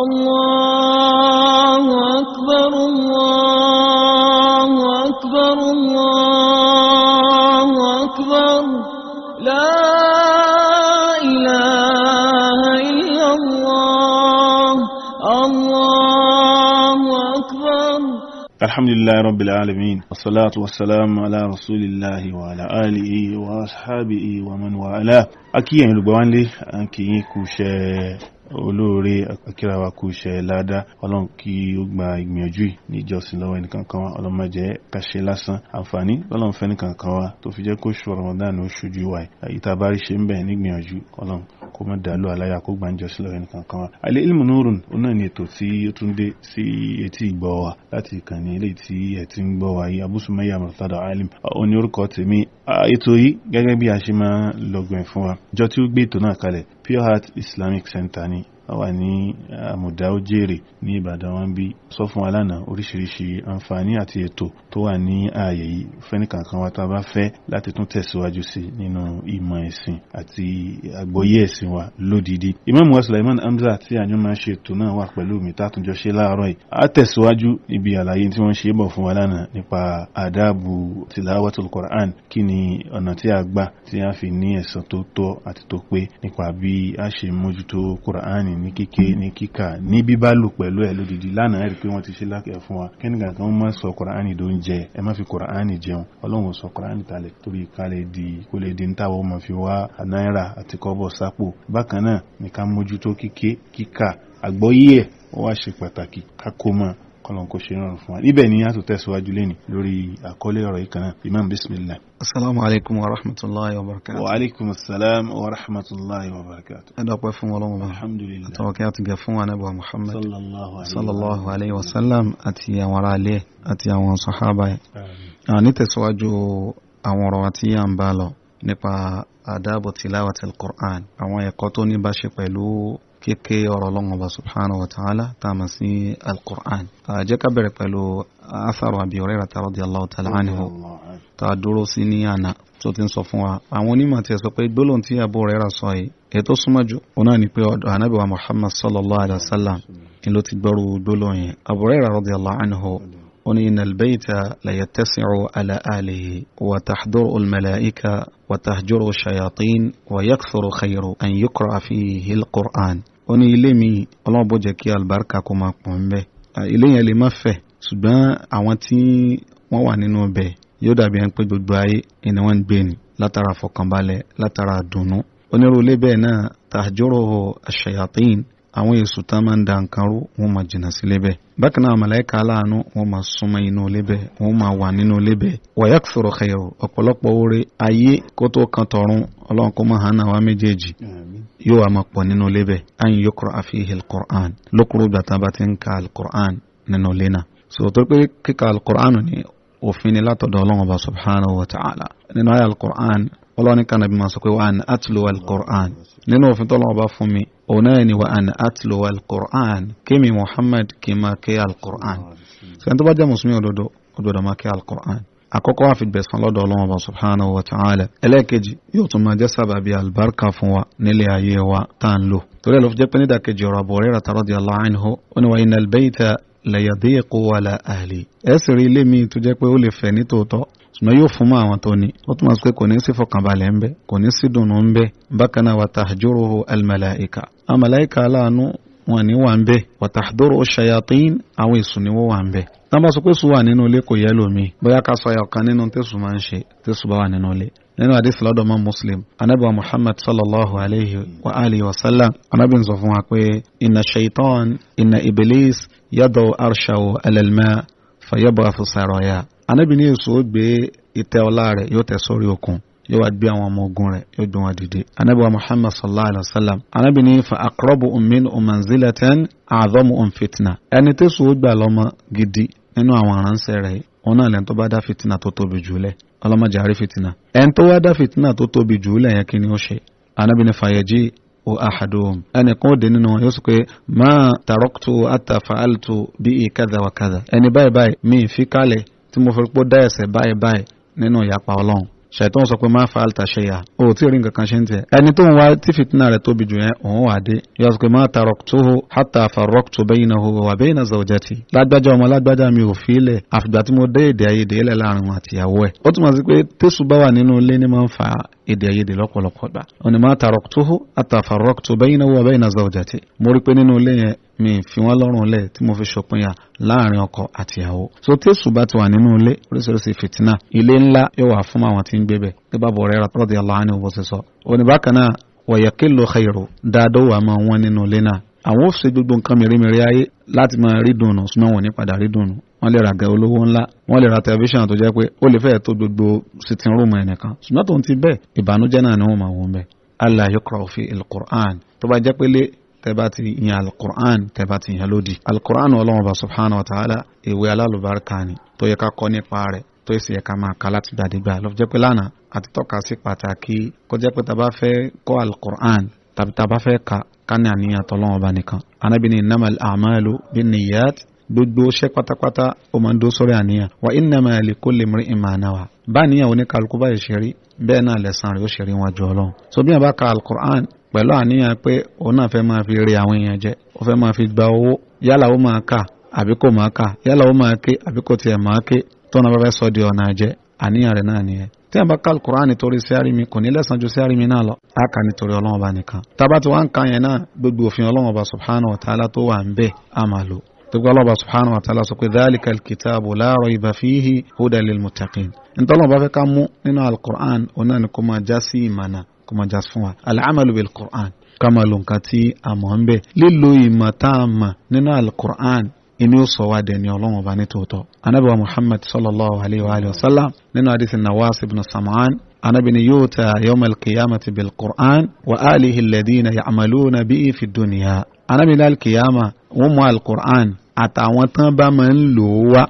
الله أكبر الله أكبر الله أكبر لا إله إلا الله الله أكبر الحمد لله رب العالمين والصلاة والسلام على رسول الله وعلى آله وأصحابه ومن والاه أكيد يا لبوان لي أكيد كوشي olóore akírawa kú iṣẹ́ ládá ọlọ́run kí ó gba ìgbìyànjú yìí ní ìjọsìn lọ́wọ́ ẹnìkan kan wa ọlọ́run má jẹ́ ká ṣe lásán àǹfààní lọ́lọ́run fẹ́ nìkan kan wa tó fi jẹ́ kó ṣù Ramadan ó ṣojú wa yìí tá a bá rí ṣe ń bẹ̀ ní ọlọ́run kó má dàlú aláya kó gba ìjọsìn lọ́wọ́ ẹnìkan wa. àlẹ́ ilmu nurun òun ni ètò tí ó tún dé sí etí ìgbọ́ wa láti ìkànnì eléyìí tí ẹ̀ ti ń gbọ́ wa yìí Alim ó ní a ṣe máa lọ́gbìn fún wa ìjọ tí ó Pure Heart Islamic Center ni wà ní àmùdá òjèrè ní ìbàdàn wọn bí sọ fún wa lánàá oríṣiríṣi àǹfààní àti ètò tó wà ní ààyè yìí fẹ́nìkankan wa tá a bá fẹ́ láti tún tẹ̀síwájú sí nínú ìmọ̀ ẹ̀sìn àti àgbọ́yé ẹ̀sìn wa lódìdí. ìmáàmù wa Sulaiman Hamza tí àjọ ṣe ètò náà wà pẹ̀lú mi tá ṣe láàárọ̀ yìí á tẹ̀síwájú ibi àlàyé tí wọ́n ṣe é bọ̀ fún wa lánàá nípa àdáàbù tìláwàtul Qur'an kí ni ọ̀nà tí a gbà tí a Al-Qur'ani ní kíké ní kíkà ní bíbá lò pẹ̀lú ẹ̀ lódìdí lánàá rí pé wọ́n ti ṣe lákẹ́ fún wa kẹ́nìkan kan má sọ Qur'ani tó ń jẹ ẹ má fi Qur'ani jẹun ọlọ́run sọ Qur'ani kalẹ̀ torí ká lè di kó lè di ń táwọ́ ma fi wá náírà àti kọ́bọ̀ sápò bákan náà ní ká mójútó kíké kíkà àgbọ́yé ẹ̀ ó wá ṣe pàtàkì ká kó mọ́ kọ́lọ́n kó ṣe rọrùn fún wa níbẹ̀ ni a tún tẹ̀síwájú lẹ́nu lórí àkọlé ọ̀rọ̀ yìí kan náà imam bismillah. asalaamu alaykum wa rahmatulahi wa barakatu. wa alaykum salaam wa rahmatulahi wa barakatu. ẹ dọ́pẹ́ fún ọlọ́run wa alhamdulilayi àtọwọ́kẹ́ àti gẹ̀ fún anabu muhammad sallallahu alayhi wa sallam àti àwọn ará ilé àti àwọn sahaba yẹn. ní tẹ̀síwájú àwọn ọ̀rọ̀ àti yà bá lọ nípa adabu tilawatil kíké ọ̀rọ̀ ọlọ́run ọba subhanahu wa ta'ala tá a mọ̀ sí alqur'an. jẹ́ ká bẹ̀rẹ̀ pẹ̀lú atharu Abi Hurairata radiyallahu ta'ala anhu tá a dúró tó ti sọ fún wa. àwọn onímọ̀ ti sọ pé gbólóhùn tí Abu Huraira sọ yìí èyí tó súnmọ́ jù ni pé ọ̀dọ̀ anábì wa Muhammad sallallahu alayhi wa sallam ni ló ti gbọ́rù gbólóhùn yẹn. Abu Huraira radiyallahu anhu قل إن البيت لا يتسع على آله وتحضر الملائكة yẹ́kṣọ̀rọ̀ الشياطين ويكثر خير أن يقرأ فيه qur'an ó ní ilé mi ọlọ́run bó jẹ́ kí àlùbáríkà kó máa pọ̀ ń bẹ̀ ilé yẹn lè má fẹ̀ ṣùgbọ́n àwọn tí wọ́n wà nínú ọbẹ̀ yóò dàbí ẹni pé gbogbo ayé ni wọ́n ń gbé ni látara fọkànbalẹ̀ látara dùnú onírúurú ilé bẹ́ẹ̀ náà tàjọrò aṣayatin àwọn èṣù tá máa ń da nǹkan rú wọn máa jìnnà sí lébẹ̀ bákan náà màláíkà aláàánú wọn máa súnmọ́ inú lébẹ̀ wọn máa wà nínú lébẹ̀ wàyàk sọ̀rọ̀ kẹyọ̀ ọ̀pọ̀lọpọ̀ oore ayé kó tó kan tọ̀run ọlọ́run kó máa hàn náà wá méjèèjì yóò wá máa pọ̀ nínú lébẹ̀ ayin yókùrọ àfihàn alukur'an lókùrú gbàtà bá ti ń ka alukur'an nínú lena sọ̀tọ́ pé kíka alukur'an ni òfin ni látọ̀dọ̀ ọlọ́run ọba wa ta'ala nínú ayé alukur'an ọlọ́ni kan nàbí máa sọ pé wà á ní atluwa al-Qur'an nínú òfin tó lọ́wọ́ bá fún mi òun náà ni wà á ní atluwa al-Qur'an kémi Muhammad kì í máa ké al-Qur'an sẹ́ni tó bá jẹ́ mùsùlùmí òdodo òdodo máa ké al-Qur'an àkọ́kọ́ àfi gbẹ̀sán lọ́dọ̀ ọlọ́wọ́ bá subhanahu wa ta'ala ẹlẹ́ẹ̀kejì yóò tún máa jẹ́ sábàbí albarka fún wa nílé ayé wa tá à ń lò torí ẹ̀ ló fi jẹ́ pé nídàkejì ọ̀rọ̀ àbọ̀ rírà radiyallahu anhu ó ní wa inna al-bayta layadiqu wala ahli ẹ̀ sì rí ilé mi tó jẹ́ pé ó lè fẹ̀ nítòótọ́ ṣùgbọ́n yóò fún mọ́ àwọn tó ní ó túmọ̀ sí pé kò ní sí fọkànbalẹ̀ ń bẹ kò ní sí dùnnú ń bẹ bákan náà watahjuruhu almalaika amalaika aláàánú wọn ní wà ń bẹ watahduru shayatin àwọn èṣù ni wọ́n wà ń bẹ tá bá sọ pé sùn wà nínú ilé kò yẹ lómi bóyá ká sọ ẹ̀yọ̀ kan nínú tẹ̀sùn máa ń ṣe tẹ̀sùn bá wà nínú ilé nínú àdìsí lọ́dọ̀ mọ́ muslim anábì wa muhammad sallallahu alayhi wa alihi wa sallam anábì ń sọ fún wa pé inna shaitan inna iblis yadu arshahu alalma fayabu afusaraya anábì ní Yusuf ó gbé ìtẹ́ ọlá rẹ̀ yóò tẹ̀ sórí okùn yóò wá gbé àwọn ọmọ ogun rẹ̀ yóò gbé wọn dìde anábì Muhammad sallallahu alayhi wa sallam anábì fa akọrọbù omin um omanzilatan um àdọ́mu omfitna um ẹni tó sùn ó gbà gidi nínú àwọn aránṣẹ́ rẹ̀ òun náà lẹ́ni tó bá dá fitina tó tóbi jùlẹ̀ ọlọ́mọdé àrí fitina ẹni tó wá dá fitina tó tóbi jùlẹ̀ yẹn kí ni ó ṣe anábì ní fàyẹ̀jì o ahaduhum ẹnì kan ó dé nínú wọn yóò sọ pé máa tàrọ́kùtù àtàfà àlùtù bíi kàdà ẹni báyìí báyìí mi ì fi kálẹ̀ tí mo fi pọ́ dá ẹ̀ṣẹ̀ báyìí báyìí nínú ìyapa ọlọ́run ṣàìtọ́n sọ pé má fa alta ṣe yà ó tí rí nǹkan kan ṣe ń tiẹ̀ ẹni tó ń wá tí fìtínà rẹ̀ tóbi jù yẹn òun wà dé yọ sọ pé má taraktuhu hatta farraqtu bainahu wa baina zawjati lágbájá ọmọ lágbájá mi ò fi ilẹ̀ àfìgbà tí mo dé èdè ayédè ilẹ̀ láàrin wọn àtìyàwó ẹ̀ ó túmọ̀ sí pé tẹ́sù bá wà nínú ilé ní máa ń fa èdè àìyedè lọ́pọ̀lọpọ̀ gbà. òní máa tààrọ̀ tó hó àtàfàrọ̀ tó bẹ́yìn náà wà bẹ́yìn náà zawjati. mo rí pé nínú ilé yẹn mi fi wọ́n lọ́rùn lẹ̀ tí mo fi ṣòpinya láàrin ọkọ àti ìyàwó. so tí èṣù bá ti wà nínú ilé oríṣiríṣi fìtínà ilé ńlá yóò wà fún àwọn tí ń gbé bẹ̀. ní bàbá rẹ̀ radiyallahu anhu bó ti sọ. òní bákan náà dáadọ́ àwọn ò ṣe gbogbo nǹkan mèremère ayé láti máa rí dùnú ṣùgbọ́n wọn ò ní padà rí wọ́n lè ra gẹ̀ olówó ńlá wọ́n lè ra tẹlifíṣàn tó jẹ́ pé ó lè fẹ́ẹ̀ tó gbogbo sitting room ẹnìkan ṣùgbọ́n tó ń ti bẹ́ẹ̀ ìbànújẹ́ náà ni wọ́n máa wọ́n bẹ́ẹ̀ allah yaqra'u fi al-Qur'an tó bá jẹ́ pé lé tẹ́bá ti yan al-Qur'an tẹ́bá ti yan lódì al-Qur'an ọlọ́run bá subhanahu wa ta'ala ìwé alálùbáríkà ni tó yẹ ká kọ́ nípa rẹ̀ tó sì yẹ ká máa ka láti gbàdégbà lọ jẹ́ pé lánàá àti tọ́ka sí pàtàkì kó jẹ́ pé tá fẹ́ kọ́ al tàbí tá fẹ́ ka ká ní àníyàn tọ́lọ́run ọba nìkan anábìíní innamal a'malu binniyat gbogbo ṣẹ́ pátápátá ó máa ń dó sórí àníyàn wa innama likulli imri'in ma nawa bá níyàn oníkàlùkù báyìí ṣe rí bẹ́ẹ̀ náà lẹ̀sán rẹ̀ ó ṣe rí wọn jù ọlọ́run so bí wọn bá ka alukur'an pẹ̀lú àníyàn pé òun náà fẹ́ máa fi re àwọn èèyàn jẹ ó fẹ́ máa fi gba owó yálà ó máa kà àbí kò máa kà yálà ó máa ké àbí kò tiẹ̀ máa ké tọ́nà bá fẹ́ sọ di ọ̀nà àjẹ àníyàn rẹ̀ náà nìyẹn tí a bá kà alukur'an nítorí sẹ́rí mi kò ní lẹ́sàn ju sẹ́rí mi náà lọ a kà nítorí ọlọ́run ọba nìkan tábà tí wọ́n yẹn náà gbogbo òfin ọlọ́run subhanahu wa ta'ala tó wà ń bẹ́ẹ̀ á máa lò تبقى الله سبحانه وتعالى سكو ذلك الكتاب لا ريب فيه هدى للمتقين انت الله بفك امو انا القرآن ونانا كما جاسي منا كما جاسفوها العمل بالقرآن كما لنكتي امهم به للو يمتام نينا القرآن إن يوصوا دين يولون وبانيته تو أنا بو محمد صلى الله عليه وآله وسلم نينا حديث النواس بن سمعان أنا بن يوتا يوم القيامة بالقرآن وآله الذين يعملون به في الدنيا أنا بلال القيامة ومع القرآن àtàwọn tán bá máa ń lò ó wá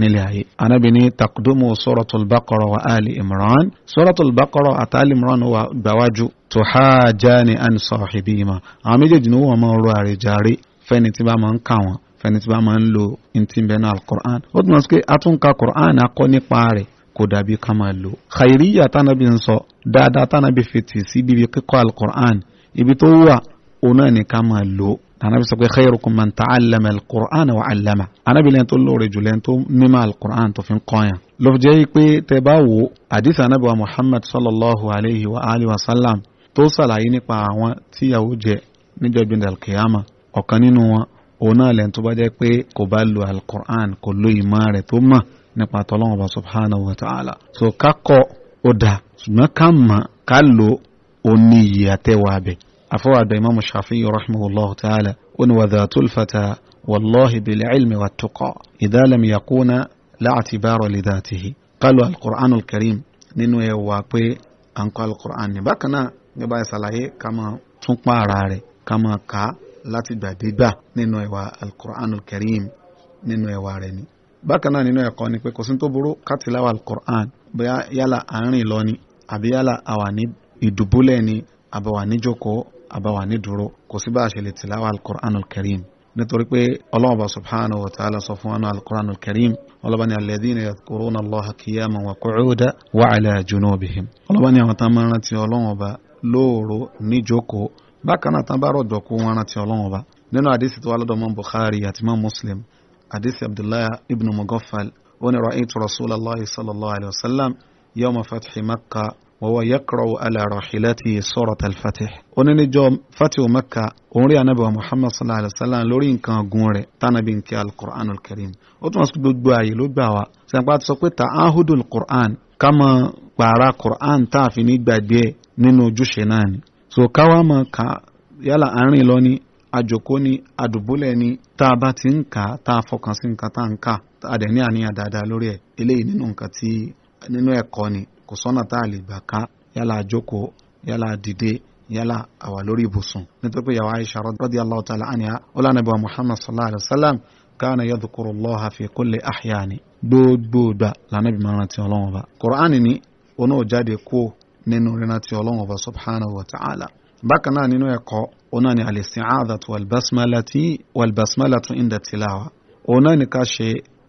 nílẹ̀ ayé. Anábì ní Takdumu Suratul Baqara wa Ali Imran. Suratul Baqara àti Ali Imran wà gbàwájú. Tuhajani an sahibima. Àwọn méjèèjì ni wọ́n máa ń ro àrèjàre fẹ́ni tí bá máa ń kà wọ́n fẹ́ni tí bá máa ń lo ntí bẹ́ẹ̀ náà Al-Qur'an. Ó túmọ̀ sí pé a tún akọ́ nípa rẹ̀ kò dàbí ká máa lò. Khairiyya tánàbí ń sọ dáadáa tánàbí fètì sí ibi kíkọ́ al Ibi tó wà òun náà ni ká máa lò anabi sọ pé khayrukum man ta'allama al-Qur'ana wa 'allama anabi lẹ́yìn tó lóore jù lẹ́yìn tó mímọ̀ al-Qur'an tó fi ń kọ́yàn. ló fi jẹ́ pé tẹ bá wo àdìsí anabi wa Muhammad sallallahu alayhi wa alihi wa sallam tó sàlàyé nípa àwọn tíyàwó jẹ níjọ́ ìgbìn dàlkìyàmà ọ̀kan nínú wọn òun náà lẹ́yìn tó bá jẹ́ pé kò bá lo al-Qur'an lo ìmọ̀ rẹ̀ tó mọ̀ nípa tọ́lọ́wọ́n subhanahu wa ta'ala. so ká kọ́ ó dà ṣùgbọ́n ká mọ̀ ká lo òní ìyàtẹ̀wọ̀ afọwàgbà imamu shafi'i rahimahullahu ta'ala un wa dhatul fata wallahi bil ilmi wa tuqa idha lam yakuna la'atibara li dhatihi qalu alqur'an alkarim nínú ẹ wà pé à ń kọ́ alqur'an ní bákan náà nígbà ìsàlàyé ká máa tún pa ara rẹ̀ ká máa kà á láti gbàdégbà nínú ẹwà alqur'an alkarim nínú ẹwà rẹ̀ ni bákan náà nínú ẹ̀kọ́ ni pé kò sí tó burú kátìláwà alqur'an bóyá yálà à ń rìn lọ ni àbí yálà àwa ní ìdùbúlẹ̀ ni àbẹ̀wà níjókòó àbáwá nídúró kò sí bá a ṣe lè tìláwà alukur'anul karim nítorí pé ọlọ́ọ̀bà subhanahu wa ta'ala sọ fún wọn alukur'anul karim ọlọ́ba ni alladhina yadhkuruna allaha qiyaman wa qu'udan wa ala junubihim ọlọ́ba ni àwọn tán máa ń rántí ọlọ́ọ̀bà lóòrò níjókòó bákan náà tán bá rọ̀jọ̀ kó wọn rántí ọlọ́ọ̀bà nínú àdísì tó wà lọ́dọ̀ mọ́ bukhari àti mọ́ muslim àdísì abdullahi ibn mugaffal ó ní ra'aytu rasulallah sallallahu alayhi wa sallam yawma wọ́wọ́ yẹ́kọ̀rọ̀ alárọ̀hìlẹ́tì sọ̀rọ̀ tẹlifátì. ó ní níjọ́ fati omaka òun rí anabi wa muhammad sallallahu alayhi wa sallam lórí nǹkan ọ̀gùn rẹ̀ tánàbí nkí alukur'an alukarim. ó tún wọ́n sọ gbogbo ààyè ló gbà wá. sẹ́ńpá ti sọ pé ta ahudu alukur'an ká gbàrà kur'an tá a fi ní gbàdé nínú ojúṣe náà ni. so káwá mọ ká yálà àárín lọ ní àjòkó ni àdùbúlẹ̀ ni tá a bá ti ń kà tá a fọkàn sí nǹkan tá a ń kà á dẹ̀ ní àníyàn dáadáa lórí ẹ̀ eléyìí nínú nǹkan tí nínú ẹ̀kọ́ ni kò sọ́nà tá a lè gbà ká yálà àjókòó yálà àdìde yálà àwà lórí ibùsùn nítorí pé yàwá Aisha radiyallahu ta'ala anha ọlànàbà Muhammad sallallahu alayhi wa sallam kana yadhkuru Allaha fi kulli ahyani gbogbo gbà lànàbì máa rántí ọlọ́wọ́n ba Kùránì ni oní òjáde kú nínú rántí ọlọ́wọ́n ba subhanahu wa ta'ala bákan náà nínú ẹ̀kọ́ ọ̀nà ni al-isti'adhatu wal-basmalati inda tilawa ọ̀nà ni ká ṣe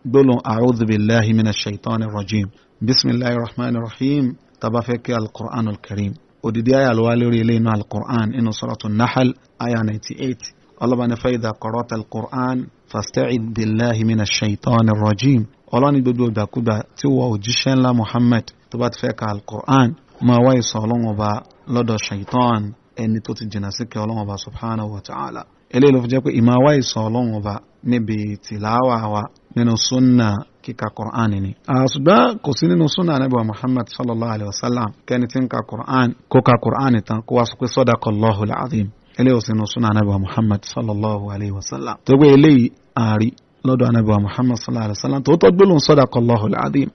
gbólóhùn a'udhu billahi minash shaitani rajim bisimilahi rahman rahim taba fẹ́ kí alukur'an alkarim odidi aya ló wà lórí ilé inú alukur'an inú suratu nahal aya ninety eight ọlọ́bàáni fayida kọ́rọ́tà alukur'an fasta'id billahi mina shaitan rajim ọlọ́ni gbogbo ìgbàkúgbà tí wọ́n òjíṣẹ́ ńlá muhammad tó bá ti fẹ́ ka alukur'an máa wáyé sọ ọlọ́run ọba lọ́dọ̀ shaitan ẹni tó ti jìnnà sí kẹ́ ọlọ́run ọba subhanahu wa ta'ala eléyìí ló fi jẹ́ pé ìmáwá ìsọ̀ ọlọ́run ọba níbi tìláwà wa nínú sunna kíka qur'an ni. ṣùgbọ́n kò sí nínú sunna anabi wa muhammad sallallahu alayhi wa sallam kẹ́ni tí ń ka qur'an kó ka qur'an tán kó wá sọ pé sadaqallahu al-azim eléyìí ò sí nínú sunna anabi wa muhammad sallallahu alayhi wa sallam. tó gbé eléyìí àárí lọ́dọ̀ anabi wa muhammad sallallahu alayhi wa sallam tó tọ́ gbólóhùn sadaqallahu al-azim.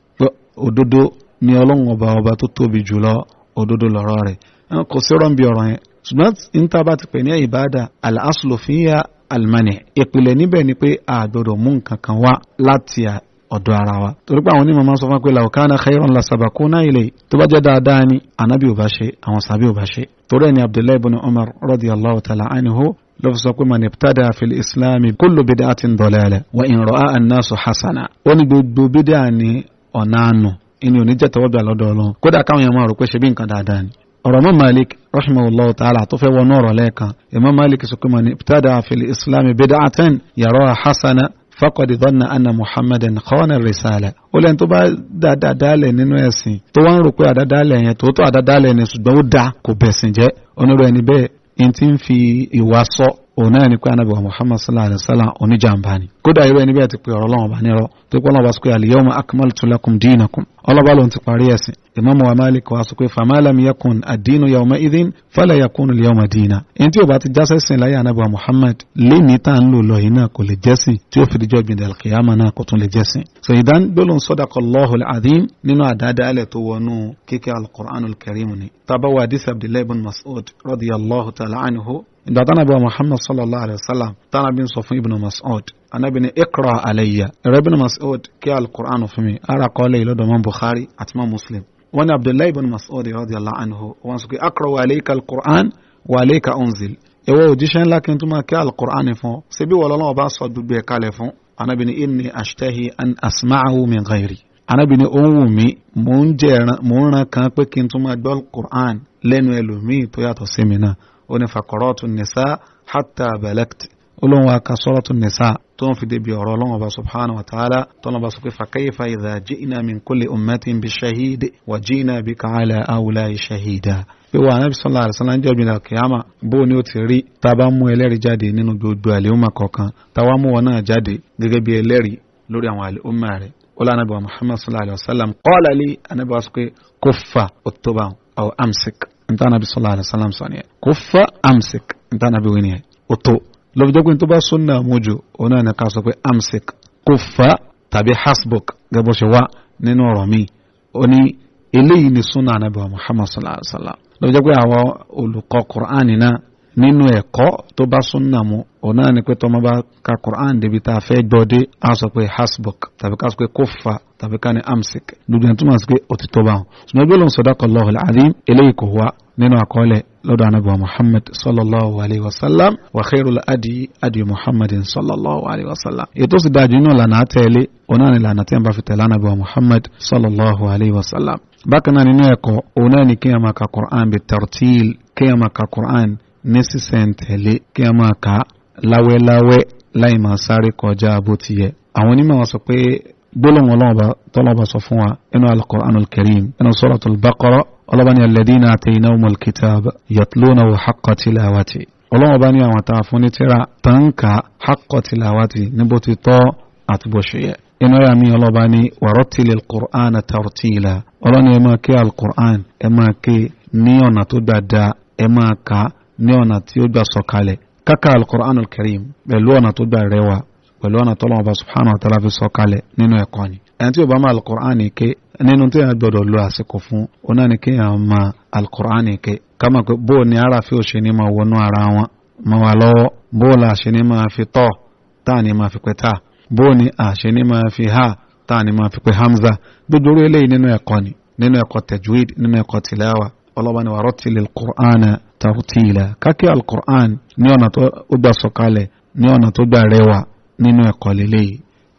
òdodo ni ọlọ́run ọba ọba tó tóbi jùlọ òdodo lọ́rọ̀ rẹ̀ kò sí rọ́ǹbì ọ̀rọ̀ yẹn ṣùgbọ́n níta bá ti pè ní ìbáàdà al-aslu fiya al-mani' ìpìlẹ̀ níbẹ̀ ni pé a gbọ́dọ̀ mú nǹkan kan wá láti ọ̀dọ̀ ara wa torí pé àwọn onímọ̀ máa ń sọ fún wa pé law kana khayran la sabaquna ilayhi tó bá jẹ́ dáadáa ni ànábì ò bá ṣe àwọn sàbí ò bá ṣe torí ẹni abdullahi ibn umar radiyallahu ta'ala anhu ló fi sọ pé man ibtada fil islam kullu bid'atin dalalah wa in ra'a an-nasu hasana ó ní gbogbo bídà ni ọ̀nà àánú ìní ò ní jẹ́ tọwọ́ gbà lọ́dọ̀ ọlọ́run kódà káwọn èèyàn máa rò pé ṣe bí nǹkan dáadáa ni ọ̀rọ̀ mọ́ malik rahimahullah ta'ala tó fẹ́ wọnú ọ̀rọ̀ lẹ́ẹ̀kan imam malik sọ pé man ibtada fil islam bid'atan yaraha hasana fakọ̀dì dọ́nà anna muhammadan kọ́nà rìsàlẹ̀ ó lẹ́yìn tó bá dáadáalẹ̀ nínú ẹ̀sìn tó wá ń rò pé àdáadáalẹ̀ yẹn tòótọ́ àdáadáalẹ̀ ni ṣùgbọ́n ó dáa kò bẹ̀sìn jẹ́ onírò ẹni bẹ́ẹ̀ n ti fi ìwà sọ òun náà ni pé anabi wa muhammad sallallahu alayhi wa sallam oníjàmbá ni kódà irú ẹni bẹ́ẹ̀ ti pe ọ̀rọ̀ ọlọ́wọ́n bá nírọ̀ tó pé ọlọ́wọ́ sọ pé al-yawma akmaltu lakum dinakum ọlọ́ba ló ń ti parí ẹ̀sìn ìmáàmù wa malik wa sọ pé fama lam yakun ad-dinu yawma idhin fala yakunu al-yawma dina ẹni tí ó bá ti jásẹ̀ sìn láyé anabi wa muhammad lẹ́ni tá à ń lò lọ yìí náà kò lè jẹ́sìn tí ó fi gbìndẹ̀ al náà kò tún lè jẹ́sìn. so ìdán gbólóhùn sadaqallahu al-azim nínú àdáadáa tó wọnú kíkẹ́ al-Qur'anul ni tabawa hadith abdullahi ibn mas'ud radiyallahu ta'ala anhu ìgbà tánà bí wa Muhammad sallallahu alayhi wa sallam tánà bí n sọ fún ibn Mas'ud anabi ni ikra alayya ẹrẹ ibn Mas'ud kí al-Qur'an fún mi ara kọ́lé ìlú dọ̀mọ́ Bukhari àti mọ́ Muslim wọn ni Abdullahi ibn Mas'ud radiyallahu anhu wọn sọ pé akra wa alayka al-Qur'an wa alayka unzil ìwọ òjíṣẹ́ ńlá kí n tún máa kí al-Qur'an fún ṣe bí wọlọ́lọ́wọ́ bá sọ gbogbo ẹ̀ kalẹ̀ fún anabi ni inni ashtahi an asma'ahu min ghayri anabi ni òun wù mí mò ń ran kan pé kí n tún máa gbọ́ al lẹ́nu ẹlòmíì tó yàtọ̀ sí mi náà ó ní fàkọ́rọ́tù nìsá hátà bẹ̀lẹ́kt olóhùn wa ka sọ́rọ́tù nìsá tó ń fi débi ọ̀rọ̀ ọlọ́run ọba subhanahu wa ta'ala tọ́lọ́ bá sọ pé fàkẹ́yìfà idha ji'na min kulli ummatin bi shahid wa ji'na bika ala awlai shahida pé wa anabi sallallahu alaihi wasallam jẹ́ obìnrin àkìyàmà bó ni ó ti rí tá a bá mú ẹlẹ́rìí jáde nínú gbogbo àlèhùnmá kọ̀ọ̀kan tá a wá mú jáde gẹ́gẹ́ bí ẹlẹ́rìí lórí àwọn àlèhùnmá rẹ̀ wọ́n lánàbí wa muhammad sallallahu alaihi wasallam qala li anabi wa sọ pé kuffa uttuba amsik níta nàbí sallallahu alaihi wasallam sọ nìyẹn kuffa amsik níta nàbí wí nìyẹn ó tó lọ́bi jẹ́ pé ní tó bá sunna mójú òun náà ní ká sọ pé amsik kuffa tàbí hasbuk gẹ́gẹ́ bó ṣe wá nínú ọ̀rọ̀ mi ó ní eléyìí ni sunna nàbí wa Muhammad sallallahu alaihi wasallam lọ́bi jẹ́ pé àwọn olùkọ́ Qur'an náà nínú ẹ̀kọ́ tó bá súnnà mu òun náà ni pé tọmọ bá ka Qur'an débi tá a fẹ́ gbọ́dé a sọ pé hasbuk tàbí ká sọ pé kófà tàbí ká ní amsik gbogbo ẹni tó máa sọ pé ó ti tó bá wọn. ṣùgbọ́n gbọ́dọ̀ sadaqallahu al-azim eléyìí kò wá nínú àkọọ́lẹ̀ lọ́dọ̀ anábọ̀ muhammad sallallahu alayhi wa sallam wa khairul adi adi muhammadin sallallahu alayhi wa sallam ètò sì dájú nínú ìlànà àtẹ̀lé òun náà tí wọ́n bá fi tẹ̀lé anábọ̀ muhammad sallallahu alayhi wa sallam bákan náà nínú ẹ̀kọ́ òun náà máa ka Qur'an bi tartil kí máa ka Qur'an ní sísẹ̀ntẹ̀lé kí a máa kà á láwẹ́láwẹ́ láì máa sáré kọjá bó ti yẹ àwọn onímọ̀ wọn sọ pé gbólóhùn ọlọ́ọ̀bá tọ́lọ́ọ̀bá sọ fún wa nínú al-Qur'anul Karim nínú Suratul Baqara ọlọ́ba ní alladhina ataynahumul kitaba yatlunahu haqqa tilawati ọlọ́ọ̀bá ní àwọn tá a fún ní tíra tàǹkà haqqa tilawati níbo ti tọ́ àti bó ṣe yẹ inú ẹ̀yà mi ọlọ́ba ní warattilil Qur'ana tartila ọlọ́ni ẹ máa ké al ẹ máa ké ní ọ̀nà tó dáadáa ẹ máa kà ní ọ̀nà tí ó gbà sọ̀kalẹ̀ kàkà alukur'an alkarim pẹ̀lú ọ̀nà tó gbà rẹwà pẹ̀lú ọ̀nà tó lọ́wọ́ bá subhanahu wa ta'ala fi sọ̀kalẹ̀ nínú ẹ̀kọ́ ni ẹni tí ó bá mọ̀ alukur'an ké nínú tí yẹn gbọdọ̀ lo àsìkò fún ọ̀nà ni kí yẹn mọ̀ alukur'an ké kama pé bó ni ara fi òṣè ni máa wọnú ara wọn máa wà lọ́wọ́ bó la àṣẹ ni máa fi tọ́ táà ni máa fi pẹ́ táà bó ni àṣẹ ni máa fi ha táà ni máa fi pẹ́ hamza gbogbo orí eléyìí nínú ẹ̀kọ́ ni nínú ẹ̀kọ́ tajwid nínú ẹ̀kọ́ tìlẹ́wà ọlọ́ba ni wàá rọ́tìlẹ̀ tàwùtìlà kákẹ́ alukur'an ní ọ̀nà tó gbà sọ̀kalẹ̀ ní ọ̀nà tó gbà rẹwà nínú ẹ̀kọ́ lélẹ́yìí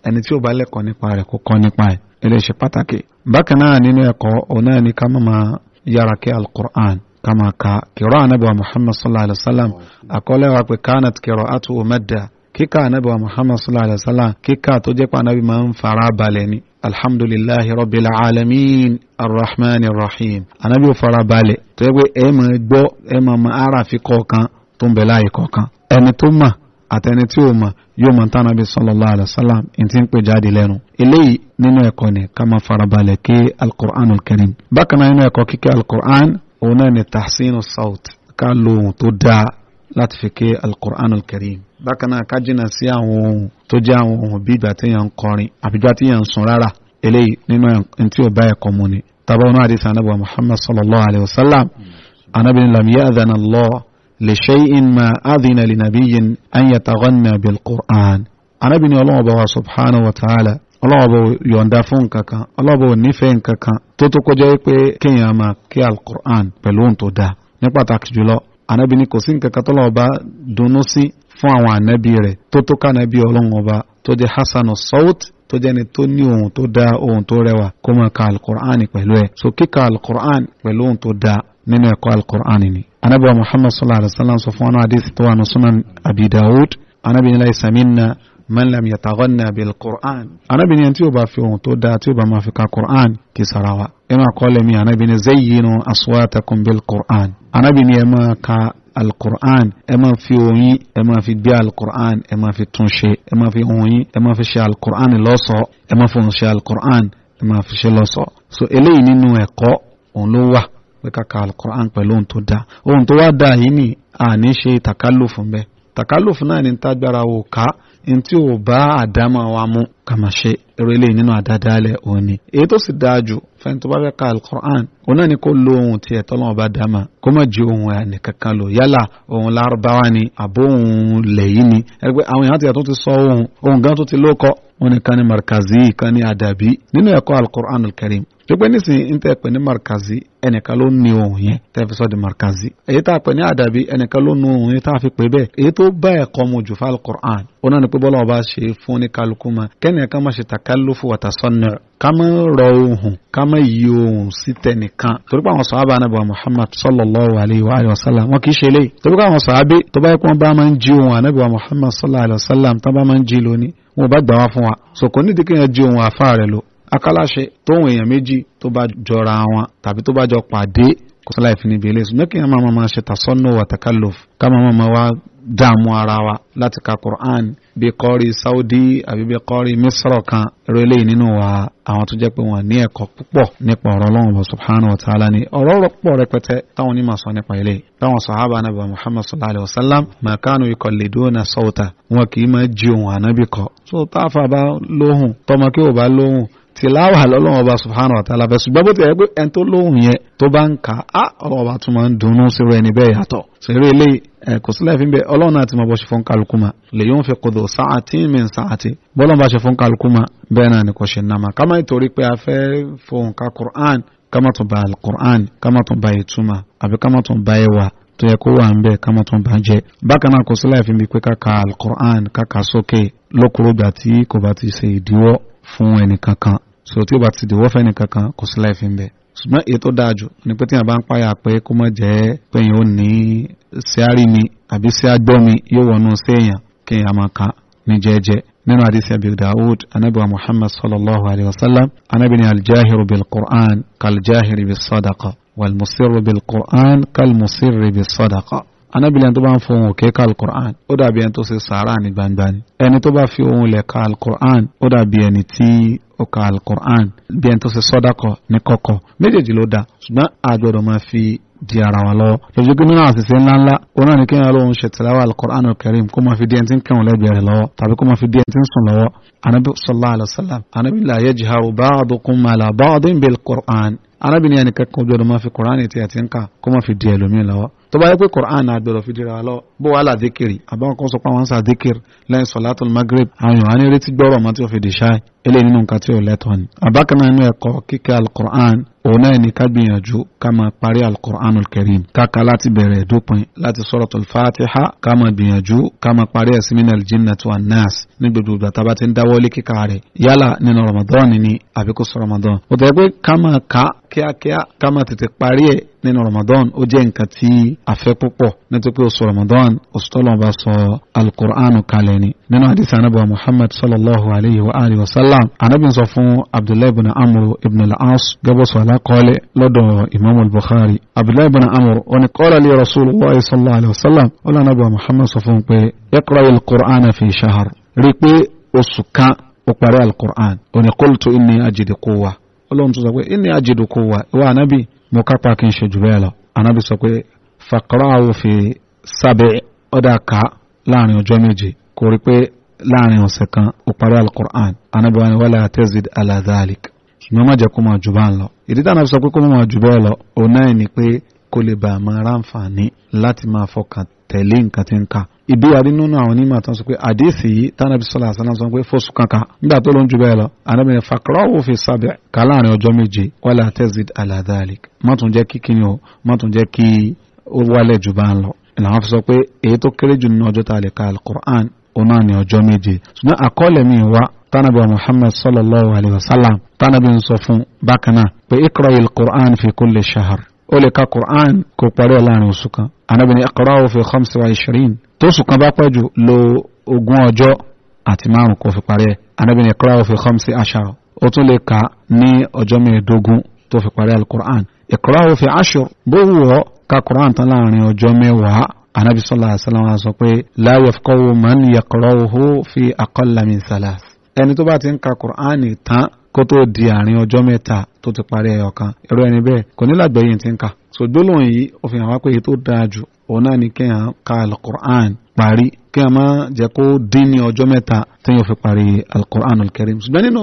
ẹni tí ó bá lẹ́kọ̀ọ́ nípa rẹ̀ kó kọ́ nípa ẹ̀ ilé ṣe pàtàkì. bákan náà nínú ẹ̀kọ́ òun náà ni ká máa yára kí alukur'an ká máa ka kìrọ̀ anábọ̀ muhammad sallallahu alayhi wa sallam àkọlé wa pé kánat kìrọ̀ àtúwò mẹ́dà kíkà anábì wa muhammad sallallahu alayhi wa sallam kíkà tó jẹ́ pé anábì máa ń fara balẹ̀ ni alhamdulilahi rabbil alamin arrahmanir rahim anábì ó fara balẹ̀ tó yẹ pé ẹ máa gbọ́ ẹ máa mọ arafi kọ̀ọ̀kan tó ń bẹ láàyè kọ̀ọ̀kan ẹni tó mà àtẹni tí ò mà yóò mọ tán anábì sallallahu alayhi wa sallam n ti ń pè jáde lẹ́nu eléyìí nínú ẹ̀kọ́ ni ká máa fara balẹ̀ kí alukur'an karim bákan náà nínú ẹ̀kọ́ kíkẹ́ alukur'an òun náà ni tahsinu saut ká lo ohùn tó dáa láti fi kí alukur'an karim bákan náà ká jìnnà sí àwọn ohun tó jẹ́ àwọn ohun bí ìgbà téèyàn ń kọrin àbíjá téèyàn ń sun rárá eléyìí nínú ẹni tí ò bá ẹ̀kọ́ mu ni tabawọn àdìsí anabi wa muhammad sallallahu alayhi wa sallam anabi ni lam ya'dhan allah li shay'in ma adhina li nabiyyin an yataghanna bil qur'an anabi ni ọlọ́wọ́ bá wa subhanahu wa ta'ala ọlọ́wọ́ bá yọ̀ǹda fún nkankan ọlọ́wọ́ bá nífẹ̀ẹ́ nkankan tó tó kọjá pé kéèyàn máa kí al-qur'an pẹ̀lú ohun tó dáa ní pàtàkì jùlọ anabi kò sí nkankan tó lọ́wọ́ bá dunnú sí fún àwọn ànábì rẹ̀ tó tó kànábì ọlọ́run ọba tó jẹ́ hasanu sawt tó jẹ́ni tó ní ohun tó dá ohun tó rẹwà kó máa ka alukur'an pẹ̀lú ẹ̀ so kíka alukur'an pẹ̀lú ohun tó dá nínú ẹ̀kọ́ alukur'an ni. anabi muhammad sallallahu alaihi wa sallam sọ fún wọn hadith tó wà ní sunan abi dawud anabi nílá ìsàmínà man lam yataghanna bil qur'an anabi ni tí ó bá fi ohun tó dáa tí ó bá máa fi ka qur'an kì í sara wa inú àkọọ́lẹ̀ mi anabi ni zayyinu aswatakum bil qur'an anabi ni máa ka alukur'an ẹ máa fi oyin ẹ máa fi gbé alukur'an ẹ máa fi tún ṣe ẹ máa fi oyin ẹ máa fi ṣe alukur'an lọ́ṣọ̀ọ́ ẹ máa fi ṣe alukur'an ẹ máa fi ṣe lọ́ṣọ̀ọ́ so eléyìí nínú ẹ̀kọ́ òun ló wà pé ká alukur'an pẹ̀lú ohun tó dáa ohun tó wá dáa yìí ni àní ṣe ìtàkálò fún bẹ́ẹ̀. Takalufu náà ní tágbára wò ká ní tí ò bá àdámọ̀ wa mú kàmáṣe eré eléyìí nínú àdádálẹ̀ òní. èyí tó sì dáa jù fẹ́ni tó bá fẹ́ ka alukur'an òun náà ni kó lo ohun tiẹ̀ tọ́lọ́wọ́ bá dáma kó má jí ohun ẹni kankan lò yálà ohun lárúbáwá ni àbó ohun ni ẹgbẹ́ àwọn èèyàn ti yàtọ̀ ti sọ ohun ohun gan tó ti lóko wọ́n ní kan ní markazi kan ní adabi nínú ẹ̀kọ́ alukur'an alkarim gbogbo nísìnyí n tẹ́ pè ní markazi ẹnìkan ló ní ohun yẹn tẹ́ fi sọ di markazi èyí tá a pè ní adabi ẹnìkan ló ní ohun yẹn tá a fi pè bẹ́ẹ̀ èyí tó bá ẹ̀kọ́ mu jù fún alukur'an ó náà ní pé bọ́lá ọba ṣe fún ní kálukú ma kẹ́nìkan má ṣe takallufu wa tasannu ká má rọ ohun ká má ohun sí tẹnìkan torí pé àwọn sọ̀hábà anábọ̀ muhammad sallallahu alayhi wa sallam wọn kì í ṣe eléyìí torí pé àwọn sọ̀hábà tó bá yẹ kó wọn bá máa ń jí ohun anábọ̀ muhammad sallallahu alayhi wa sallam tó bá máa ń jí lónìí wọn bá gbà wá fún wa sòkò nídìí kéèyàn jí ohun àfa rẹ̀ lò akáláṣe tóun èèyàn méjì tó bá jọra wọn tàbí tó bá jọ pàdé kò sọ́lá ìfin níbi ilé ṣùgbọ́n kí máa máa ṣe wa takalluf kama máa máa wá dààmú ara wa ka Qur'an bí kọ́rí Saudi àbí bí kọ́rí Misra kan eré eléyìí nínú wa àwọn tó jẹ́ pé wọ́n ní ẹ̀kọ́ púpọ̀ nípa ọ̀rọ̀ Ọlọ́run wa subhanahu wa ta'ala ni ọ̀rọ̀ rọ̀pọ̀ rẹpẹtẹ táwọn onímọ̀ sọ nípa ilé táwọn sàhábà anábì Muhammad sallallahu alayhi wa sallam ma kanu yuqalliduna sawta wọn kì í máa jí ohun ànábì kọ. so ba bá lóhùn tọmọ kí ò bá lóhùn tìláwà lọ́lọ́wọ́ ọba subhanahu wa ta'ala bẹ̀ ṣùgbọ́n bó ti yẹ pé ẹni tó lóhùn yẹn tó bá ń kà á ọlọ́wọ́ ọba tún máa ń dunnú sírò ẹni bẹ́ẹ̀ yàtọ̀ sèré ilé ẹ kò sílẹ̀ fi ń bẹ ọlọ́run àti mọ̀ bọ́ ṣe fún kálukú ma lè yóò fi kòdò sáàtì min sáàtì bọ́lọ́n bá ṣe fún kálukú ma bẹ́ẹ̀ náà ni kò ṣe nàmà ká má ìtorí pé a fẹ́ fohùn ka Qur'an ká má tún ba Qur'an ká má tún ba ìtumà àbí ká má tún ba ẹwà tó yẹ kó wà ń bẹ ká tún ba jẹ bákan náà kò sílẹ̀ fi ń bi pé ká ka Qur'an ká ka sókè lókùrúgbà tí kò bá ti ṣe ìdíwọ́ fún ẹnì kankan so tí o bá ti dìwọ́ fẹ́ni kankan kò sí láìfi ń bẹ̀ ṣùgbọ́n èyí tó dáa jù ni pé tí yàrá bá ń páyà pé kó mọ̀ jẹ́ pé yẹn ó ní síárì mi àbí síájọ́ mi yóò wọnú sí èèyàn kí èèyàn máa kàn ní jẹ́jẹ́ nínú àdìsí abi dawud anabi muhammad sallallahu alayhi wa sallam anabi ni aljahiru bil qur'an kaljahiri bis sadaqa wal musirru bil qur'an kal musirri bis sadaqa anábìlẹ̀ tó bá ń fohùn òkè ka alukur'an ó dàbí ẹni tó ṣe sàárà ní gbangba ni ẹni tó bá fi ohùn lẹ̀ ka alukur'an ó dàbí ẹni tí ó ka alukur'an bí ẹni tó ṣe sọ́dákọ̀ ní kọ̀kọ̀ méjèèjì ló da ṣùgbọ́n àgbọ̀dọ̀ máa fi di ara wa lọ́wọ́ lójú pé nínú àṣìṣe ńláńlá òun náà ni kéèyàn lóun ṣe tìláwà alukur'an alkarim kó máa fi díẹ̀ tí ń kẹrùn lẹ́gbẹ̀ẹ́ lọ́wọ́ tàbí kó máa fi díẹ̀ tí ń sùn lọ́wọ́ anabi sallallahu alayhi wa sallam anabi la yajharu ba'dukum ala ba'din bil qur'an anabi ni ẹnì kẹ́kọ̀ọ́ ojú ọdún máa fi qur'an ti ẹ̀ ti ń kà kó máa fi díẹ̀ lómi lọ́wọ́ tó bá yẹ pé Qur'an àgbẹ̀rọ̀ fi dira lọ bó wàhálà dékèrè àbáwọn kan sọ pé àwọn ń sa dékèrè lẹ́yìn sọ̀látọ̀ magreb àwọn èèyàn á ní retí gbọ́rọ̀ mọ́ tí wọ́n fi di ṣáì eléyìí nínú nǹkan tí ò lẹ́tọ̀ ni. àbákanáà inú ẹ̀kọ́ kíkẹ́ al-Qur'an òun náà ni ká gbìyànjú ká máa parí al-Qur'an al-Karim káka láti bẹ̀rẹ̀ dópin láti suratul Fatiha ká máa gbìyànjú ká máa parí ẹ̀sìn minal jinnati wan nas ní gbogbo ìgbà tá a bá ti ń dáwọ́lé kíkà rẹ̀ yálà nínú Ramadan ni àbíkó sọ Ramadan. òtẹ́ pé ká máa ká kíákíá ká máa tètè parí ẹ̀ nínú Ramadan ó jẹ́ nǹkan tí a fẹ́ púpọ̀ nítorí pé oṣù Ramadan oṣù tó lọ́wọ́ bá sọ alukur'anu kalẹ̀ ni nínú àdìsí anábọ̀ Muhammad sallallahu alayhi wa alihi wa sallam anábì sọ fún Abdullahi ibn Amr ibn al-As gabọ́sọ̀ alákọ́ọ́lẹ̀ lọ́dọ̀ Imam al-Bukhari Abdullahi ibn Amr ó ní qala li Rasulullah sallallahu alayhi wa sallam ó lọ́nà bọ̀ Muhammad sọ fún pé iqra al-Qur'ana fi shahr rí pé oṣù kan ó parí al-Qur'an ó ní inni ajidu quwwa sọ pé inni ajidu quwwa ìwà mo kápá kí n ṣe jù bẹ́ẹ̀ lọ anábì sọ pé fàkọ́rọ́ fi sábẹ́ ọ̀dà ká láàrin ọjọ́ méje kò rí pé láàrin ọ̀sẹ̀ kan ó parí alukur'an anábì wa ni wala tazid ala dhalik ṣùgbọ́n má jẹ́ kó máa jù bá lọ ìdí tí anábì sọ pé kó máa jù bẹ́ẹ̀ lọ òun náà ni pé kó lè bàa máa ráǹfààní láti máa fọkàn tẹ̀lé nǹkan tí ń kà ìbéyàrí nínú àwọn onímọ̀ tán sọ pé àdéhìsì yìí tánàbí sọlá àṣà náà sọ pé fọ́sù kankan nígbà tó ló ń ju bẹ́ẹ̀ lọ anábìrin fakrọ́wò fi sábẹ̀ ká láàrin ọjọ́ méje wala tazid ala dhalik má tún jẹ́ kí kíni o má tún jẹ́ kí ó wálẹ̀ jù bá ń lọ. làwọn fi sọ pé èyí tó kéré jù nínú ọjọ́ tá a lè ka alukur'an òun náà ọjọ́ méje ṣùgbọ́n àkọọ́lẹ̀ mi wá tánàbí wa muhammad sallallahu alayhi wa sallam tánàbí ń sọ fún bákan náà pé iqra' al-qur'an fi kulli shahr ó lè ka qur'an kó parí ẹ̀ láàrin oṣù kan anábìrin iqra'u fi khamsi wa ishirin tóṣù kan bá pẹ́ jù lo ogún ọjọ́ àti márùn kò fi parí ẹ̀ anábìnrin iqra'u fi khamsi ashara ó tún lè kà ní ọjọ́ mẹ́ẹ̀ẹ́dógún tó fi parí alukur'an iqra'u fi ashur bó wù ọ́ ka kur'an tán láàrin ọjọ́ mẹ́wàá anabi sallallahu alaihi wasallam sọ pé la yafqahu man yaqra'uhu fi aqalla min salas ẹni tó bá ti ń ka kur'an tán kó tó di àárín ọjọ́ mẹ́ta tó ti parí ẹyọ irú ẹni bẹ́ẹ̀ kò ní lágbẹ̀yìn ti ń kà so gbólóhùn yìí ó fi hàn wá tó dáa jù òun náà ni kéèyàn ka alukur'an parí kéèyàn má jẹ́ kó dín ní ọjọ́ mẹ́ta téèyàn fi parí alukur'an olùkẹ́rìm ṣùgbọ́n nínú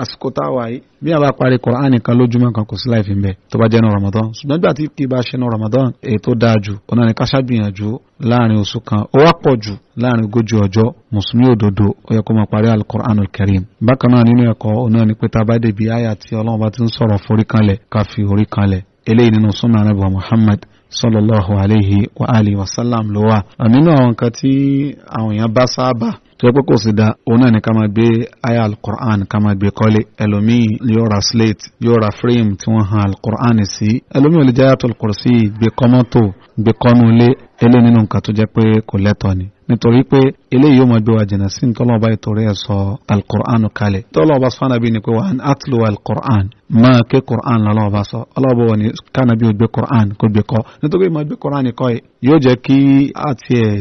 àsìkò tá a wà yìí bí a bá parí Qur'an nìkan lójúmọ́ kan kò sí láì fi ń bẹ̀ tó bá jẹ́ ní Ramadan ṣùgbọ́n nígbà tí kì í bá ṣe ní Ramadan èyí tó dáa jù ọ̀nà ní ká ṣàgbìyànjú láàrin oṣù kan ó wá pọ̀ jù láàrin ogójì ọjọ́ mùsùlùmí òdodo ó yẹ kó máa parí al-Qur'an al-Karim bákan náà nínú ẹ̀kọ́ ọ̀nà ní pé tá a bá débi àyà tí Ọlọ́run bá ti ń sọ̀rọ̀ forí kanlẹ̀ eléyìí nínú sunnah Ànábì Muhammad sallallahu alayhi wa ali wa sallam ló wà. nínú àwọn nǹkan tí àwọn èèyàn bá sábà tó yẹ pé kò sì da òun náà ni ká máa gbé aya alukur'an ká máa gbé kọ́lé ẹlòmíì yóò ra slate yóò ra frame tí wọ́n han alukur'an sí ẹlòmíì ò lè jẹ́ gbé kọ́mọ́tò gbé kọ́nu ilé eléyìí nínú nǹkan tó jẹ́ pé kò lẹ́tọ̀ ni nítorí pé eléyìí yóò máa gbé wa jìnnà sí nítorí ọba ìtòrí ẹ̀ sọ alukur'an kalẹ̀ tọ́lọ́ ọba sọ́nà bíi ni pé wàá àtúlù alukur'an máa ké kur'an lọ́lọ́ ọba sọ ọlọ́ọ̀bọ̀ wọn ni kánà bí o gbé kur'an kó gbé kọ́ nítorí máa gbé kur'an kọ́ ẹ yóò jẹ́ kí àti ẹ̀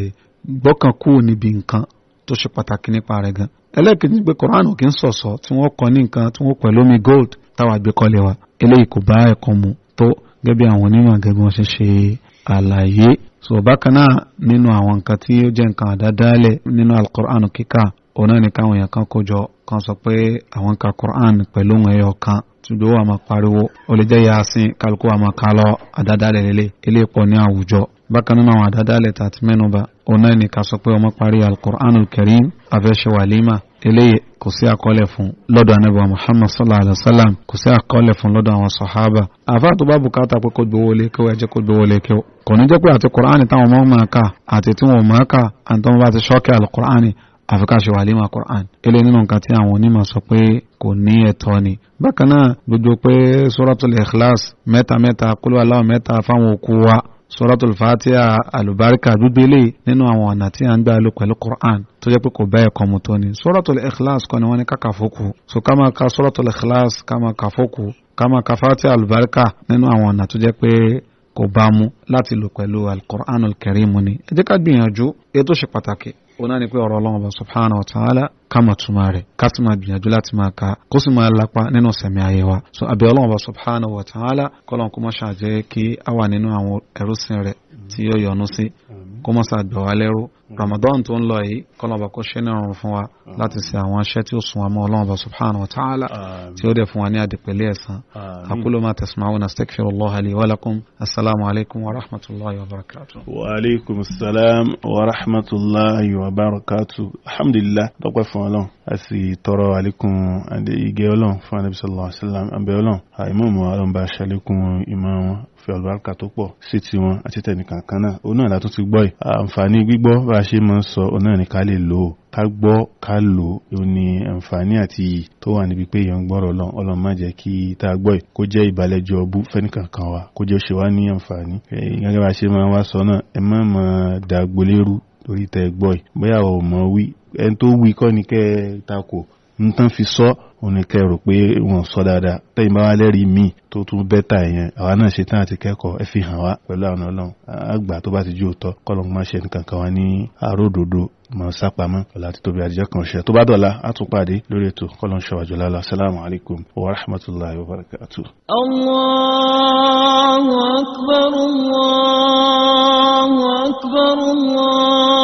gbọ́kàn kú níbi nǹkan tó ṣe pàtàkì nípa rẹ̀ gan ẹlẹ́ẹ̀kejì gbé kur'an kì í sọ̀sọ̀ tí wọ́n kọ́ ní nǹkan tí wọ́n gold táwa gbé kọ́lé wa eléyìí mu tó gẹ́gẹ́ bí àwọn onímọ̀ gẹ́gẹ́ bí wọ́n so bákan náà nínú àwọn nǹkan tí ó jẹ́ nǹkan àdádálẹ̀ nínú alukur'an kíkà òun náà ni káwọn èèyàn kan kójọ kan sọ pé àwọn ka kur'an pẹ̀lú ohun ẹyọ kan tùdó wà máa pariwo ó lè jẹ́ yaasin kálukú wà máa ká lọ àdádálẹ̀ lélẹ̀ ilé pọ̀ ní àwùjọ bákan náà àwọn àdádálẹ̀ tàti mẹ́nuba òun náà ni ká sọ pé ọmọ parí alukur'an karim afẹ́ ṣe wàlímà eléyìí kò sí àkọọ́lẹ̀ fún lọ́dọ̀ anábọ̀ muhammad sallallahu alayhi wa sallam kò sí àkọọ́lẹ̀ fún lọ́dọ̀ àwọn sọ̀hábà àfáà tó bá bùkátà pé kó gbowó lé kéwọ́ ẹ̀jẹ̀ kó gbowó lé kéwọ́ kò ní jẹ́ pé àti kùránì táwọn ọmọ máa kà àti tí wọn máa kà àti tí wọn bá ti ṣọ́ọ̀kì àlùkùránì àfi ká ṣe wàlímà kùránì eléyìí nínú nǹkan tí àwọn onímọ̀ sọ pé kò ní ẹ̀tọ́ ni bákan náà gbogbo pé ikhlas mẹ́ta mẹ́ta kúlúwàláwọ̀ mẹ́ta fáwọn òkú wa suratul fatiha alubarika gbogbo eléyìí nínú àwọn ọ̀nà tí a ń gbà lò pẹ̀lú quran tó jẹ́ pé kò bá ẹ̀kọ́ mu tó ni suratul ikhlas kọ́ ni wọ́n ní ká kàfókù so ká máa ka suratul ikhlas ká máa kàfókù ká máa ka fatiha alubarika nínú àwọn ọ̀nà tó jẹ́ pé kò bá mu láti lò pẹ̀lú alukur'anul karim ni ẹ jẹ́ ká gbìyànjú ètò ṣe pàtàkì òun náà ni pé ọ̀rọ̀ ọlọ́run ọba subhanahu wa ta'ala ká máa túmọ̀ rẹ̀ ká sì máa gbìyànjú láti máa ka kó sì máa lápá nínú sẹ̀mí ayé wa so àbí ọlọ́run ọba subhanahu wa ta'ala kọ́lọ́n kó má ṣàjẹ́ kí a wà nínú àwọn ẹrúsìn rẹ̀ tí yóò yọ́nú sí kó má ṣàgbà wá lẹ́rú Mm. ramadan tó ń lọ yìí kọlọmọba kó ṣe nírọ̀rùn fún wa mm. láti ṣe àwọn aṣẹ tí ó sùn wa mọ́ ọlọmọba subhanahu wa ta'ala tí ó dẹ fún wa ní àdìpẹlẹ ẹ̀san aqulu ma tasma'una astaghfirullah li wa lakum assalamu alaykum wa rahmatulahi wa barakatu. wa aleykum salaam wa rahmatulahi wa barakatu alhamdulilah dọ́pẹ́ fún ọlọ́run a sì tọrọ àlékún ìgẹ́ ọlọ́run fún anabi sallallahu alayhi wa sallam abẹ́ ọlọ́run àìmọ̀ọ́mù ọlọ́run bá ṣàlékún ìmọ̀ wọn sí tiwọn àti tẹnìkan kan náà òun náà látún ti gbọ́ yìí àǹfààní gbígbọ́ bá ṣe máa ń sọ ọ̀nà ní ká lè lò ó ká gbọ́ ká lò ó ní àǹfààní àti iyì tó wà níbi pé èèyàn ń gbọ́rọ̀ ọlọ́run ọlọ́run má jẹ́ kí tá a gbọ́ ẹ̀ kó jẹ́ ìbàlẹ́jọ́ ọbú fẹ́nìkankan wa kó jẹ́ ṣe wá ní àǹfààní gẹ́gẹ́ bá ṣe máa wá sọ náà ẹ má máa dàgbò lérú torí tẹ́ gbọ́ ẹ̀ bóyá ò wí ẹni tó wí kọ́ ni kẹ́ ẹ takò n tán fi sọ oníkẹ́ rò pé wọn sọ dáadáa tẹ́yìn bá wá lẹ́rìí míì tó tún bẹ́tà yẹn àwa náà ṣe tán àti kẹ́kọ̀ọ́ ẹ fi hàn wá pẹ̀lú àwọn ọlọ́run àgbà tó bá ti jí òótọ́ kọ́lọ́n máa ṣe nǹkan kan wá ní àròdòdò máa sápamọ́ ọ̀la àti tóbi àjíjọ́ kan ṣe tó bá dọ̀la á tún pàdé lórí ètò kọ́lọ́n ṣọwájú lálá assalamu alaikum wa rahmatullahi wa barakatuh. Allahu akbar Allahu akbar Allah.